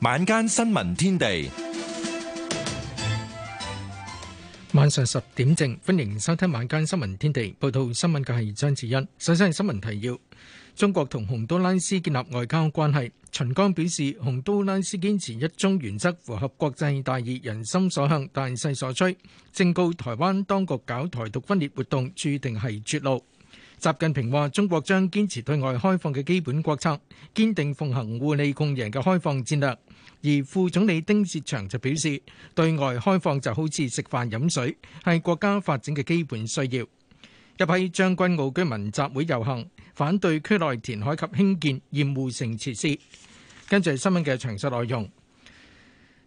晚間新聞天地，晚上十點正，歡迎收聽晚間新聞天地。報道新聞嘅係張智欣。首先係新聞提要：中國同洪都拉斯建立外交關係。秦剛表示，洪都拉斯堅持一中原則，符合國際大義、人心所向、大勢所趨。正告台灣當局搞台獨分裂活動，注定係絕路。習近平話：中國將堅持對外開放嘅基本國策，堅定奉行互利共贏嘅開放戰略。而副總理丁薛祥就表示，對外開放就好似食飯飲水，係國家發展嘅基本需要。一批將軍澳居民集會遊行，反對區內填海及興建厭惡性設施。跟住係新聞嘅詳細內容：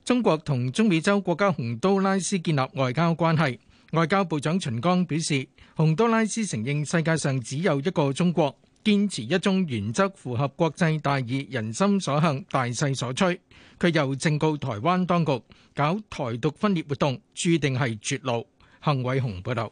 中國同中美洲國家洪都拉斯建立外交關係。外交部長秦剛表示，洪都拉斯承認世界上只有一個中國，堅持一中原則符合國際大義、人心所向、大勢所趨。佢又正告台灣當局搞台獨分裂活動，注定係絕路。幸偉雄報道，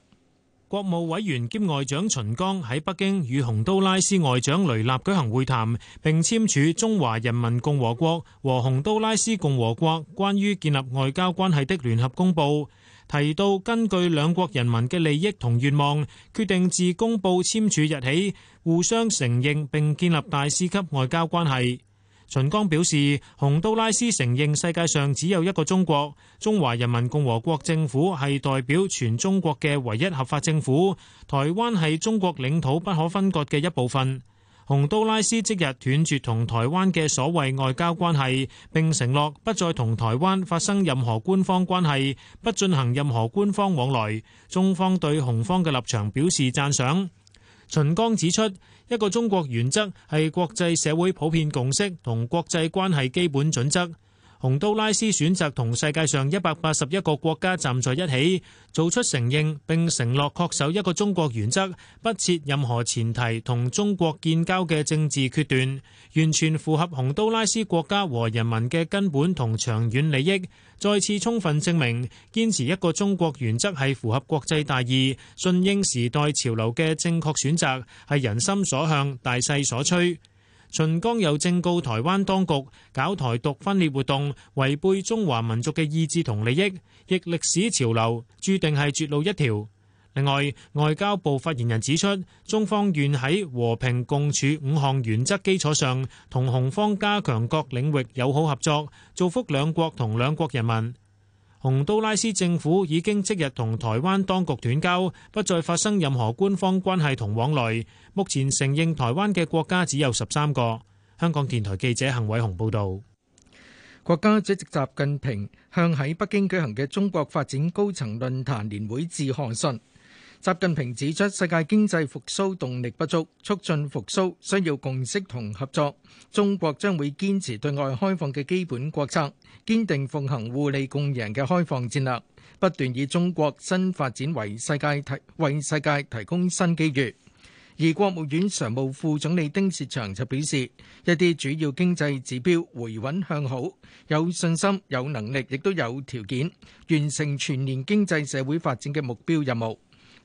國務委員兼外長秦剛喺北京與洪都拉斯外長雷納舉行會談，並簽署中華人民共和國和洪都拉斯共和國關於建立外交關係的聯合公報。提到根據兩國人民嘅利益同願望，決定自公佈簽署日起，互相承認並建立大使級外交關係。秦剛表示，洪都拉斯承認世界上只有一個中國，中華人民共和國政府係代表全中國嘅唯一合法政府，台灣係中國領土不可分割嘅一部分。洪都拉斯即日斷絕同台灣嘅所謂外交關係，並承諾不再同台灣發生任何官方關係，不進行任何官方往來。中方對洪方嘅立場表示讚賞。秦剛指出，一個中國原則係國際社會普遍共識同國際關係基本準則。洪都拉斯選擇同世界上一百八十一個國家站在一起，做出承認並承諾恪守一個中國原則，不設任何前提同中國建交嘅政治決斷，完全符合洪都拉斯國家和人民嘅根本同長遠利益，再次充分證明堅持一個中國原則係符合國際大義、順應時代潮流嘅正確選擇，係人心所向、大勢所趨。秦剛又正告台灣當局，搞台獨分裂活動違背中華民族嘅意志同利益，逆歷史潮流，注定係絕路一條，另外，外交部發言人指出，中方願喺和平共處五項原則基礎上，同洪方加強各領域友好合作，造福兩國同兩國人民。洪都拉斯政府已經即日同台灣當局斷交，不再發生任何官方關係同往來。目前承認台灣嘅國家只有十三個。香港電台記者恆偉雄報道，國家主席習近平向喺北京舉行嘅中國發展高層論壇年會致賀信。習近平指出，世界經濟復甦動力不足，促進復甦需要共識同合作。中國將會堅持對外開放嘅基本國策，堅定奉行互利共贏嘅開放戰略，不斷以中國新發展為世界提為世界提供新機遇。而國務院常務副總理丁薛祥就表示，一啲主要經濟指標回穩向好，有信心、有能力，亦都有條件完成全年經濟社會發展嘅目標任務。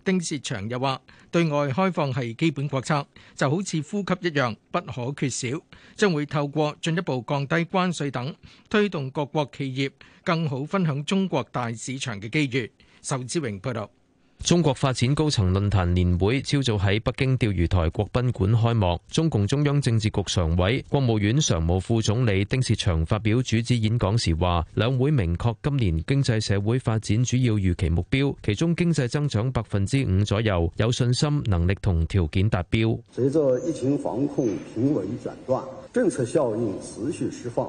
丁薛祥又話：對外開放係基本國策，就好似呼吸一樣不可缺少，將會透過進一步降低關稅等，推動各國企業更好分享中國大市場嘅機遇。仇志榮報道。中國發展高層論壇年會朝早喺北京釣魚台國賓館開幕。中共中央政治局常委、國務院常務副總理丁薛祥發表主旨演講時話：兩會明確今年經濟社會發展主要預期目標，其中經濟增長百分之五左右，有信心、能力同條件達標。隨着疫情防控平穩轉段，政策效應持續釋放。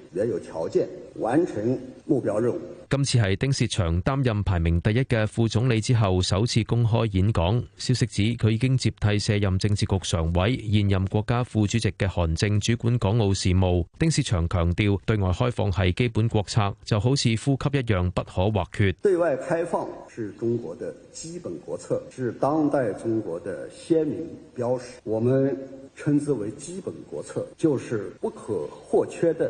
也有條件完成目標任務。今次係丁薛祥擔任排名第一嘅副總理之後，首次公開演講。消息指，佢已經接替卸任政治局常委、現任國家副主席嘅韓正主管港澳事務。丁薛祥強調，對外開放係基本國策，就好似呼吸一樣不可或缺。對外開放是中國的基本國策，是當代中國的鮮明標識。我們稱之為基本國策，就是不可或缺的。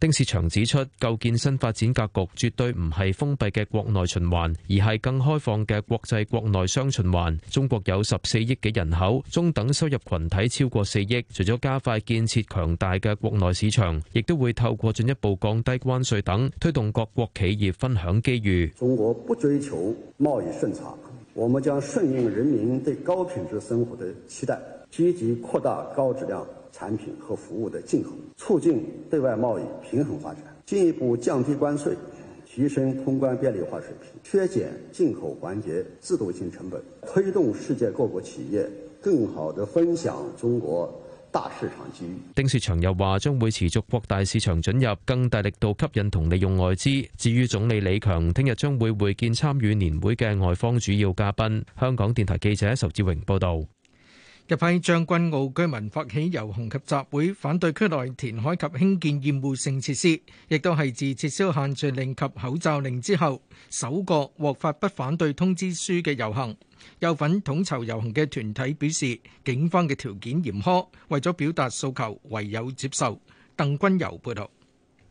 丁仕祥指出，構建新發展格局，絕對唔係封閉嘅國內循環，而係更開放嘅國際國內雙循環。中國有十四億嘅人口，中等收入群體超過四億，除咗加快建設強大嘅國內市場，亦都會透過進一步降低關稅等，推動各國企業分享機遇。中國不追求貿易順差，我們將順應人民對高品質生活的期待，積極擴大高質量。產品和服務的進口，促進對外貿易平衡發展，進一步降低關稅，提升通關便利化水平，削減進口環節制度性成本，推動世界各國企業更好的分享中國大市場機遇。丁薛祥又話，將會持續擴大市場準入，更大力度吸引同利用外資。至於總理李強，聽日將會會見參與年會嘅外方主要嘉賓。香港電台記者仇志榮報道。一批將軍澳居民發起遊行及集會，反對區內填海及興建厭惡性設施，亦都係自撤銷限聚令及口罩令之後首個獲發不反對通知書嘅遊行。有份統籌遊行嘅團體表示，警方嘅條件嚴苛，為咗表達訴求，唯有接受。鄧君游報道。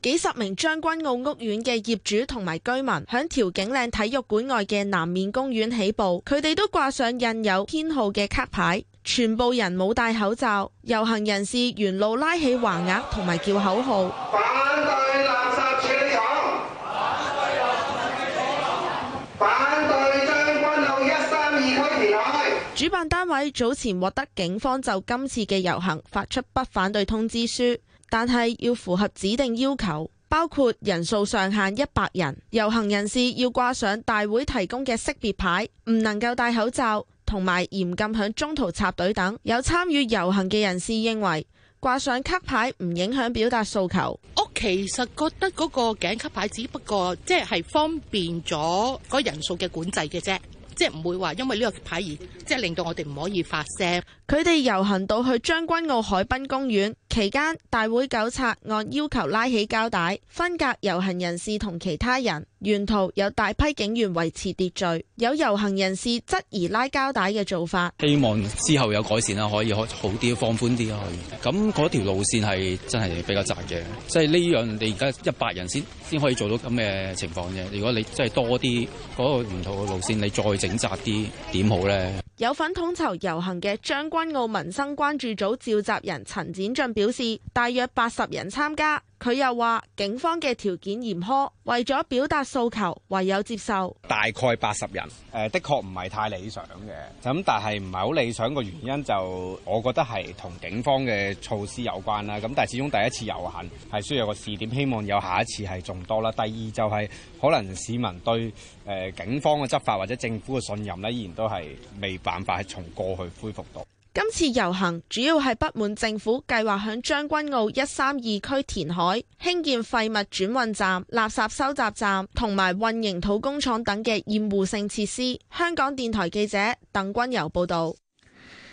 幾十名將軍澳屋苑嘅業主同埋居民響調景嶺體育館外嘅南面公園起步，佢哋都掛上印有編號嘅卡牌。全部人冇戴口罩，遊行人士沿路拉起橫額同埋叫口號。反對垃圾處理廠，反對啊！反對將軍路一三二區填海。主辦單位早前獲得警方就今次嘅遊行發出不反對通知書，但係要符合指定要求，包括人數上限一百人，遊行人士要掛上大會提供嘅識別牌，唔能夠戴口罩。同埋嚴禁喺中途插隊等，有參與遊行嘅人士認為，掛上卡牌唔影響表達訴求。我其實覺得嗰個頸卡牌只不過即係方便咗嗰人數嘅管制嘅啫，即係唔會話因為呢個牌而即係令到我哋唔可以發聲。佢哋遊行到去將軍澳海濱公園期間，大會糾察按要求拉起膠帶分隔遊行人士同其他人。沿途有大批警員維持秩序，有遊行人士質疑拉膠帶嘅做法。希望之後有改善啦，可以好啲，放寬啲可以。咁嗰條路線係真係比較窄嘅，即係呢樣你而家一百人先先可以做到咁嘅情況啫。如果你真係多啲嗰、那個沿途嘅路線，你再整窄啲點好呢？有份統籌遊行嘅將軍澳民生關注組召集人陳展俊表示，大約八十人參加。佢又話：警方嘅條件嚴苛，為咗表達訴求，唯有接受大概八十人。誒，的確唔係太理想嘅。咁但係唔係好理想嘅原因就，我覺得係同警方嘅措施有關啦。咁但係始終第一次遊行係需要有個試點，希望有下一次係仲多啦。第二就係可能市民對誒警方嘅執法或者政府嘅信任呢，依然都係未辦法從過去恢復到。今次遊行主要係不滿政府計劃響將軍澳一三二區填海興建廢物轉運站、垃圾收集站同埋混凝土工廠等嘅厭惡性設施。香港電台記者鄧君遊報導。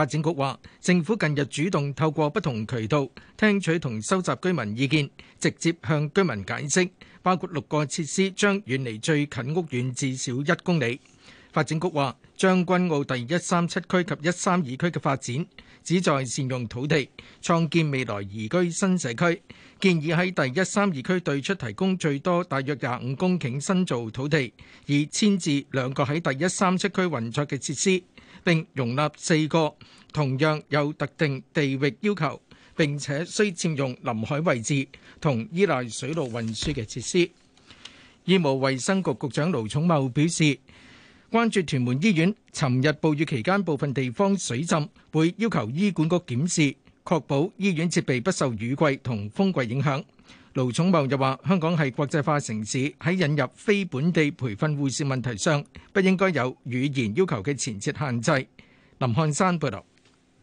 發展局話，政府近日主動透過不同渠道聽取同收集居民意見，直接向居民解釋，包括六個設施將遠離最近屋苑至少一公里。發展局話，將軍澳第一三七區及一三二區嘅發展旨在善用土地，創建未來宜居新社區。建議喺第一三二區對出提供最多大約廿五公頃新造土地，而遷至兩個喺第一三七區運作嘅設施。並容納四個同樣有特定地域要求，並且需佔用臨海位置同依賴水路運輸嘅設施。醫務衛生局局長盧寵茂表示，關注屯門醫院尋日暴雨期間部分地方水浸，會要求醫管局檢視，確保醫院設備不受雨季同風季影響。盧寵茂又話：香港係國際化城市，喺引入非本地培訓護士問題上，不應該有語言要求嘅前設限制。林漢山報道，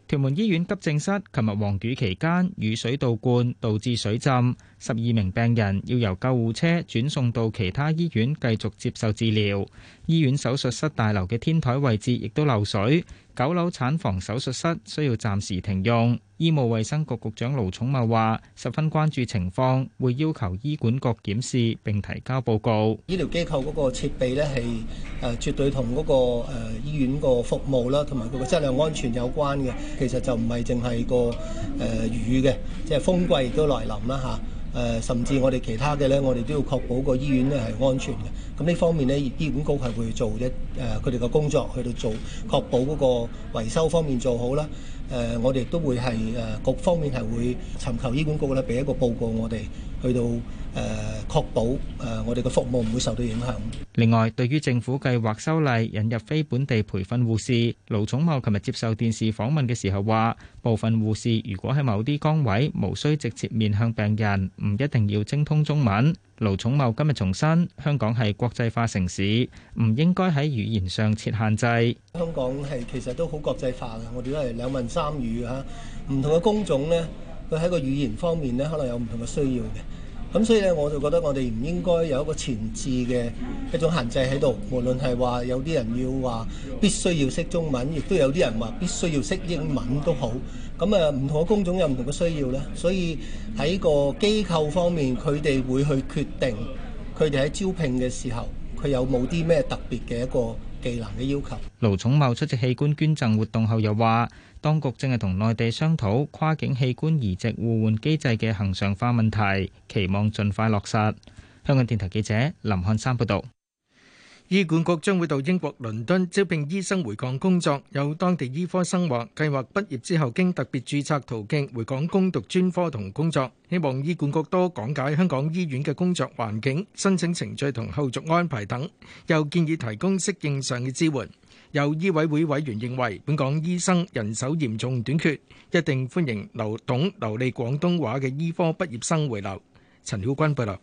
屯門醫院急症室琴日黃雨期間雨水倒灌，導致水浸，十二名病人要由救護車轉送到其他醫院繼續接受治療。醫院手術室大樓嘅天台位置亦都漏水。九樓產房手術室需要暫時停用。醫務衛生局局長盧寵茂話，十分關注情況，會要求醫管局檢視並提交報告。醫療機構嗰個設備呢，係誒絕對同嗰個誒醫院個服務啦，同埋佢個質量安全有關嘅。其實就唔係淨係個誒雨嘅，即係風季都來臨啦吓。誒、呃，甚至我哋其他嘅呢，我哋都要確保個醫院呢係安全嘅。咁呢方面呢，醫管局係會做一誒佢哋嘅工作去到做，確保嗰個維修方面做好啦。誒、呃，我哋都會係誒各方面係會尋求醫管局咧，俾一個報告我哋。去到誒確保誒我哋嘅服務唔會受到影響。另外，對於政府計劃修例引入非本地培訓護士，盧寵茂琴日接受電視訪問嘅時候話：部分護士如果喺某啲崗位，無需直接面向病人，唔一定要精通中文。盧寵茂今日重申，香港係國際化城市，唔應該喺語言上設限制。香港係其實都好國際化嘅，我哋都係兩文三語呀，唔同嘅工種呢。佢喺個語言方面咧，可能有唔同嘅需要嘅。咁所以咧，我就覺得我哋唔應該有一個前置嘅一種限制喺度。無論係話有啲人要話必須要識中文，亦都有啲人話必須要識英文都好。咁啊，唔同嘅工種有唔同嘅需要咧。所以喺個機構方面，佢哋會去決定，佢哋喺招聘嘅時候，佢有冇啲咩特別嘅一個技能嘅要求。盧寵茂出席器官捐贈活動後又，又話當局正係同內地商討跨境器官移植互換機制嘅恆常化問題，期望盡快落實。香港電台記者林漢山報道。醫管局將會到英國倫敦招聘醫生回港工作。有當地醫科生話，計劃畢業之後經特別注冊途徑回港攻讀專科同工作。希望醫管局多講解香港醫院嘅工作環境、申請程序同後續安排等。又建議提供適應上嘅支援。有醫委會委員認為，本港醫生人手嚴重短缺，一定歡迎留懂流利廣東話嘅醫科畢業生回流。陳曉君報道。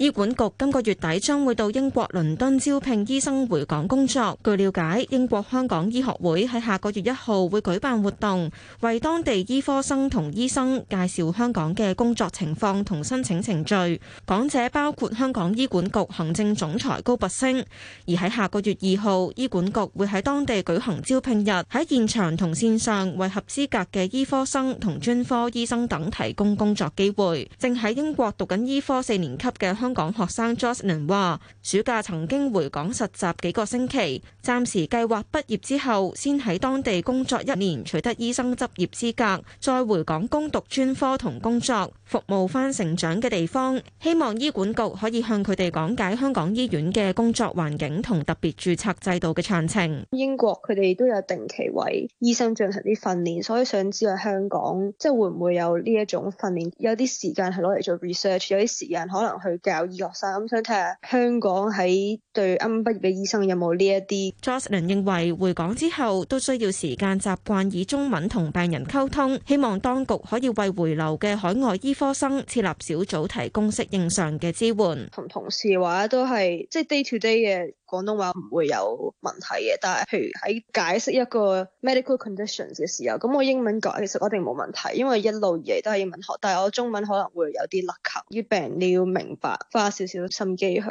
醫管局今個月底將會到英國倫敦招聘醫生回港工作。據了解，英國香港醫學會喺下個月一號會舉辦活動，為當地醫科生同醫生介紹香港嘅工作情況同申請程序。講者包括香港醫管局行政總裁高拔升。而喺下個月二號，醫管局會喺當地舉行招聘日，喺現場同線上為合資格嘅醫科生同專科醫生等提供工作機會。正喺英國讀緊醫科四年級嘅香香港學生 Jocelyn 話：暑假曾經回港實習幾個星期，暫時計劃畢業之後先喺當地工作一年，取得醫生執業資格，再回港攻讀專科同工作。服務翻成長嘅地方，希望醫管局可以向佢哋講解香港醫院嘅工作環境同特別註冊制度嘅詳情。英國佢哋都有定期為醫生進行啲訓練，所以想知下香港即係會唔會有呢一種訓練？有啲時間係攞嚟做 research，有啲時間可能去教醫學生。咁想睇下香港喺對啱畢業嘅醫生有冇呢一啲。Jocelyn 認為回港之後都需要時間習慣以中文同病人溝通，希望當局可以為回流嘅海外醫科生設立小組提供適應上嘅支援，同同事話都係即係 day to day 嘅。廣東話唔會有問題嘅，但係譬如喺解釋一個 medical conditions 嘅時候，咁我英文講其實我一定冇問題，因為一路以嚟都係英文學，但係我中文可能會有啲甩球。啲病你要明白，花少少心機去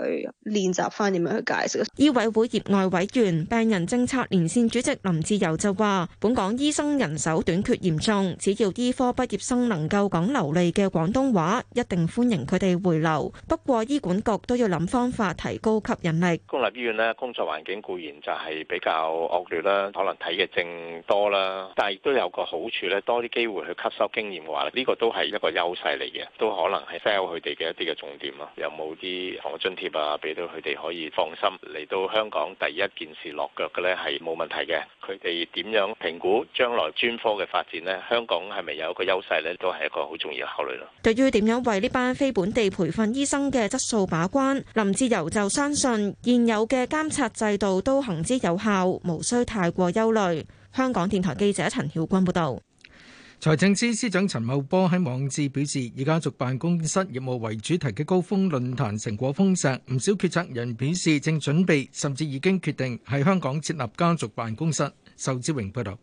練習返點樣去解釋。醫委會業外委員、病人政策連線主席林志釉就話，本港醫生人手短缺嚴重，只要醫科畢業生能夠講流利嘅廣東話，一定歡迎佢哋回流。不過醫管局都要諗方法提高吸引力。工作環境固然就係比較惡劣啦，可能睇嘅症多啦，但係亦都有個好處咧，多啲機會去吸收經驗嘅話，呢個都係一個優勢嚟嘅，都可能係 fail 佢哋嘅一啲嘅重點咯。有冇啲房屋津貼啊，俾到佢哋可以放心嚟到香港第一件事落腳嘅呢係冇問題嘅。佢哋點樣評估將來專科嘅發展呢？香港係咪有一個優勢呢？都係一個好重要考慮咯。對於點樣為呢班非本地培訓醫生嘅質素把關，林志游就相信現有嘅。嘅監察制度都行之有效，無需太過憂慮。香港電台記者陳曉君報導，財政司司長陳茂波喺網誌表示，以家族辦公室業務為主題嘅高峰論壇成果豐碩，唔少決策人表示正準備，甚至已經決定喺香港設立家族辦公室。仇志榮報導。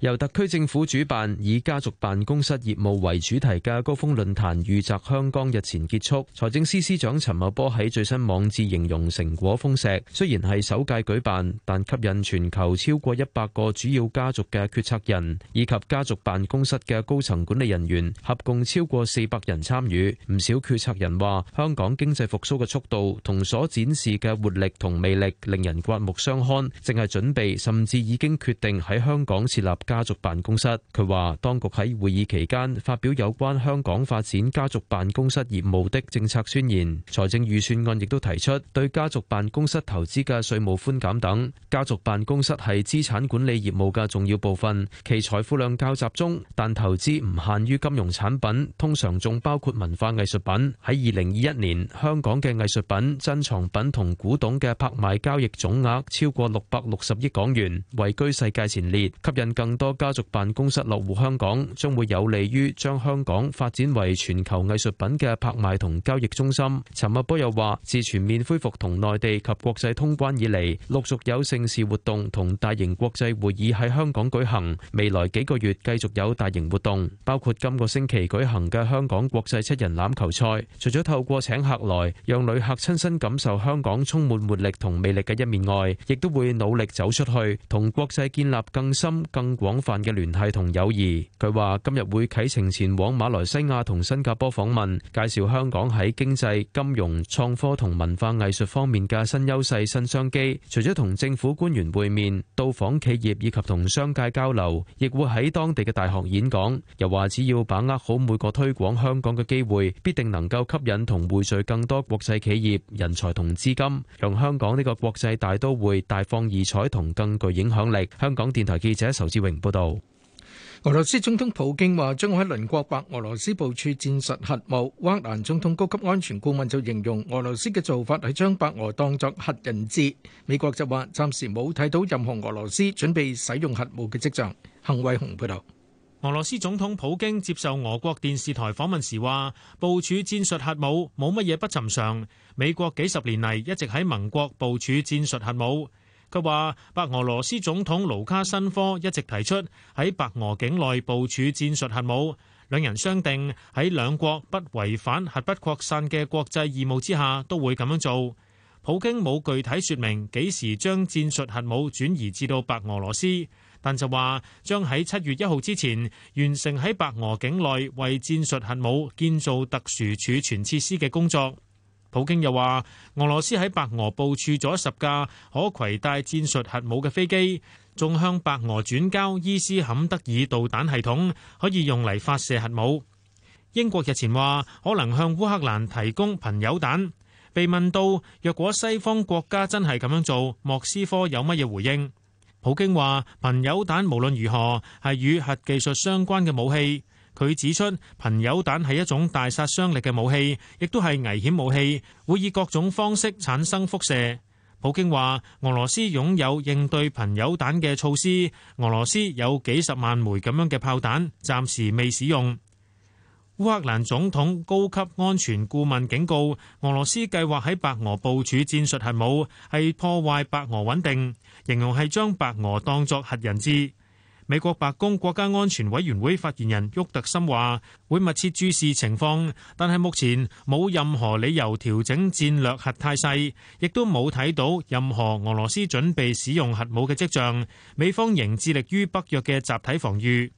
由特區政府主辦，以家族辦公室業務為主題嘅高峰論壇裕澤香江日前結束，財政司司長陳茂波喺最新網誌形容成果豐碩。雖然係首屆舉辦，但吸引全球超過一百個主要家族嘅決策人以及家族辦公室嘅高層管理人員合共超過四百人參與。唔少決策人話，香港經濟復甦嘅速度同所展示嘅活力同魅力令人刮目相看，正係準備甚至已經決定喺香港設立。家族辦公室，佢話當局喺會議期間發表有關香港發展家族辦公室業務的政策宣言。財政預算案亦都提出對家族辦公室投資嘅稅務寬減等。家族辦公室係資產管理業務嘅重要部分，其財富量較集中，但投資唔限於金融產品，通常仲包括文化藝術品。喺二零二一年，香港嘅藝術品、珍藏品同古董嘅拍賣交易總額超過六百六十億港元，位居世界前列，吸引更。多家族辦公室落戶香港，將會有利於將香港發展為全球藝術品嘅拍賣同交易中心。陳茂波又話：自全面恢復同內地及國際通關以嚟，陸續有盛事活動同大型國際會議喺香港舉行。未來幾個月繼續有大型活動，包括今個星期舉行嘅香港國際七人欖球賽。除咗透過請客來讓旅客親身感受香港充滿活力同魅力嘅一面外，亦都會努力走出去，同國際建立更深更……廣泛嘅聯繫同友誼。佢話今日會啟程前往馬來西亞同新加坡訪問，介紹香港喺經濟、金融、創科同文化藝術方面嘅新優勢、新商機。除咗同政府官員會面、到訪企業以及同商界交流，亦會喺當地嘅大學演講。又話只要把握好每個推廣香港嘅機會，必定能夠吸引同匯聚更多國際企業、人才同資金，讓香港呢個國際大都會大放異彩同更具影響力。香港電台記者仇志榮。報道：俄羅斯總統普京話將喺鄰國白俄羅斯部署戰術核武。烏克蘭總統高級安全顧問就形容俄羅斯嘅做法係將白俄當作核人質。美國就話暫時冇睇到任何俄羅斯準備使用核武嘅跡象。幸惠紅報道：俄羅斯總統普京接受俄國電視台訪問時話，部署戰術核武冇乜嘢不尋常。美國幾十年嚟一直喺盟國部署戰術核武。佢話：白俄羅斯總統盧卡申科一直提出喺白俄境內部署戰術核武，兩人商定喺兩國不違反核不擴散嘅國際義務之下，都會咁樣做。普京冇具體說明幾時將戰術核武轉移至到白俄羅斯，但就話將喺七月一號之前完成喺白俄境內為戰術核武建造特殊儲存設施嘅工作。普京又話：俄羅斯喺白俄部署咗十架可攜帶戰術核武嘅飛機，仲向白俄轉交伊斯坎德爾導彈系統，可以用嚟發射核武。英國日前話可能向烏克蘭提供貧鈾彈。被問到若果西方國家真係咁樣做，莫斯科有乜嘢回應？普京話：貧鈾彈無論如何係與核技術相關嘅武器。佢指出，貧鈾彈係一種大殺傷力嘅武器，亦都係危險武器，會以各種方式產生輻射。普京話，俄羅斯擁有應對貧鈾彈嘅措施，俄羅斯有幾十萬枚咁樣嘅炮彈，暫時未使用。烏克蘭總統高級安全顧問警告，俄羅斯計劃喺白俄部署戰術核武，係破壞白俄穩定，形容係將白俄當作核人質。美國白宮國家安全委員會發言人沃特森話：會密切注視情況，但係目前冇任何理由調整戰略核態勢，亦都冇睇到任何俄羅斯準備使用核武嘅跡象。美方仍致力於北約嘅集體防禦。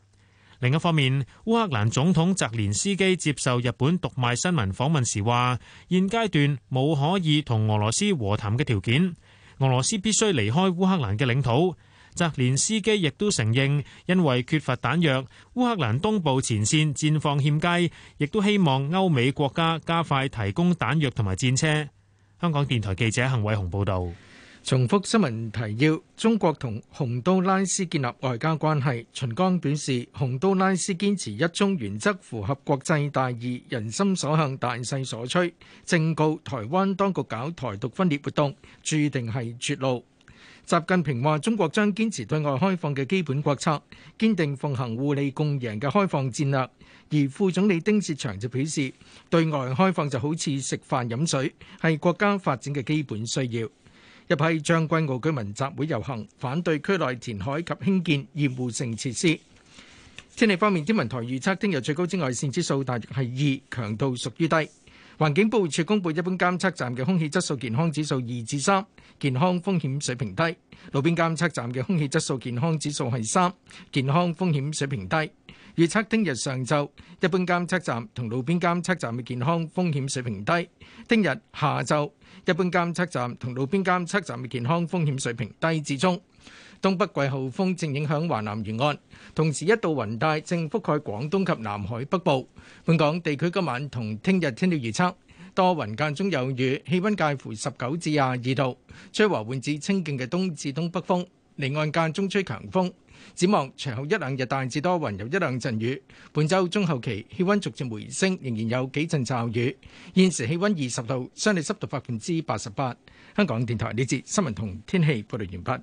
另一方面，烏克蘭總統澤連斯基接受日本讀賣新聞訪問時話：現階段冇可以同俄羅斯和談嘅條件，俄羅斯必須離開烏克蘭嘅領土。澤連斯基亦都承認，因為缺乏彈藥，烏克蘭東部前線戰況欠佳，亦都希望歐美國家加快提供彈藥同埋戰車。香港電台記者幸偉雄報導。重複新聞提要：中國同洪都拉斯建立外交關係。秦剛表示，洪都拉斯堅持一中原則，符合國際大義、人心所向、大勢所趨。正告台灣當局搞台獨分裂活動，註定係絕路。習近平話：中國將堅持對外開放嘅基本國策，堅定奉行互利共贏嘅開放戰略。而副總理丁薛祥就表示，對外開放就好似食飯飲水，係國家發展嘅基本需要。一批將軍澳居民集會遊行，反對區內填海及興建厭惡性設施。天氣方面，天文台預測聽日最高紫外線指數大約係二，強度屬於低。環境保護署公布，一般監測站嘅空氣質素健康指數二至三，健康風險水平低；路邊監測站嘅空氣質素健康指數係三，健康風險水平低。預測聽日上晝，一般監測站同路邊監測站嘅健康風險水平低；聽日下晝，一般監測站同路邊監測站嘅健康風險水平低至中。東北季候風正影響華南沿岸，同時一道雲帶正覆蓋廣東及南海北部。本港地區今晚同聽日天氣預測多雲間中有雨，氣溫介乎十九至廿二度，吹和緩至清勁嘅東至東北風。離岸間中吹強風。展望隨後一兩日大致多雲，有一兩陣雨。本周中後期氣溫逐漸回升，仍然有幾陣驟雨。現時氣溫二十度，相對濕度百分之八十八。香港電台呢節新聞同天氣報道完畢。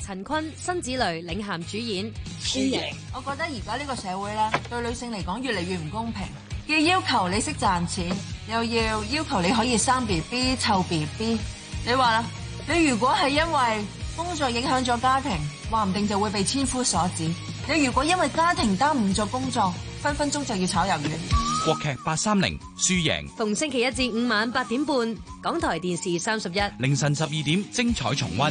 陳坤、辛芷蕾領銜主演《輸贏》，我覺得而家呢個社會咧，對女性嚟講越嚟越唔公平。既要求你識賺錢，又要要求你可以生 B B、湊 B B。你話啦，你如果係因為工作影響咗家庭，話唔定就會被千夫所指；你如果因為家庭耽誤咗工作，分分鐘就要炒魷魚。國劇八三零《輸贏》，逢星期一至五晚八點半，港台電視三十一，凌晨十二點精彩重溫。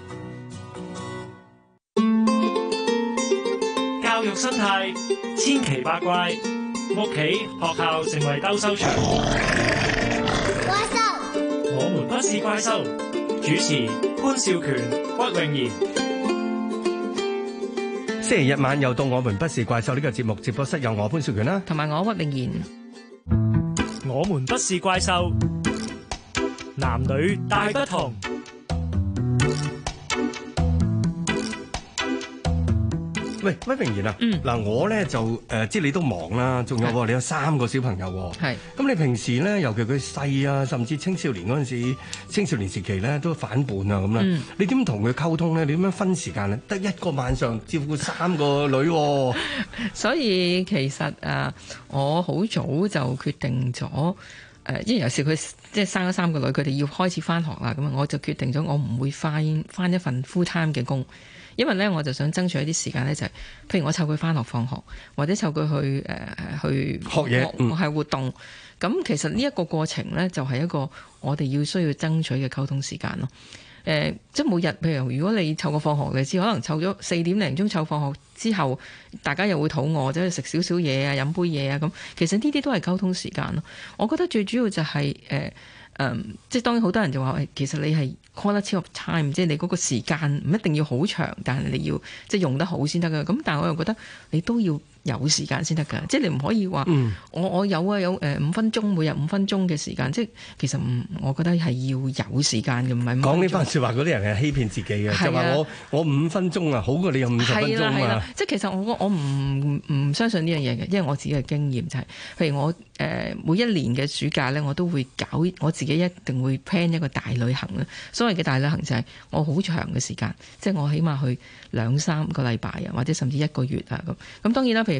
生態千奇百怪，屋企學校成為兜收場。怪獸獸，我們不是怪獸。主持潘少權、屈穎賢。星期日晚又到我們不是怪獸呢個節目，直播室有我潘少權啦，同埋我屈穎賢。我們不是怪獸，男女大不同。喂，威明賢啊，嗱、嗯、我咧就誒、呃，即係你都忙啦，仲有、哦、是 你有三個小朋友喎、哦，咁是、嗯、你平時咧，尤其佢細啊，甚至青少年嗰陣時，青少年時期咧都反叛啊咁啦，你點同佢溝通咧？你點樣分時間咧？得一個晚上照顧三個女，哦、 所以其實啊，我好早就決定咗誒、呃，因為有時佢即係生咗三個女，佢哋要開始翻學啦，咁啊，我就決定咗我唔會翻翻一份 full time 嘅工，工。因為咧，我就想爭取一啲時間咧，就係、是、譬如我湊佢返學放學，或者湊佢去誒、呃、去學嘢，我活動。咁、嗯、其實呢一個過程咧，就係一個我哋要需要爭取嘅溝通時間咯。誒、呃，即係每日譬如如果你湊過放學嘅，只可能湊咗四點零鐘湊放學之後，大家又會肚餓，走去食少少嘢啊，飲杯嘢啊咁。其實呢啲都係溝通時間咯。我覺得最主要就係誒嗯，即係當然好多人就話其實你係。quality of time，即係你嗰個時間唔一定要好長，但係你要即係用得好先得㗎。咁但係我又覺得你都要。有時間先得㗎，即係你唔可以話我我有啊，有誒五分鐘，每日五分鐘嘅時間，即係其實唔，我覺得係要有時間嘅，唔係講呢番説話嗰啲人係欺騙自己嘅，啊、就話我我五分鐘啊，好過你用五十分鐘啊，啊。即係其實我我唔唔相信呢樣嘢嘅，因為我自己嘅經驗就係、是，譬如我誒、呃、每一年嘅暑假咧，我都會搞我自己一定會 plan 一個大旅行啦。所謂嘅大旅行就係我好長嘅時間，即係我起碼去。兩三個禮拜啊，或者甚至一個月啊，咁咁當然啦，譬如。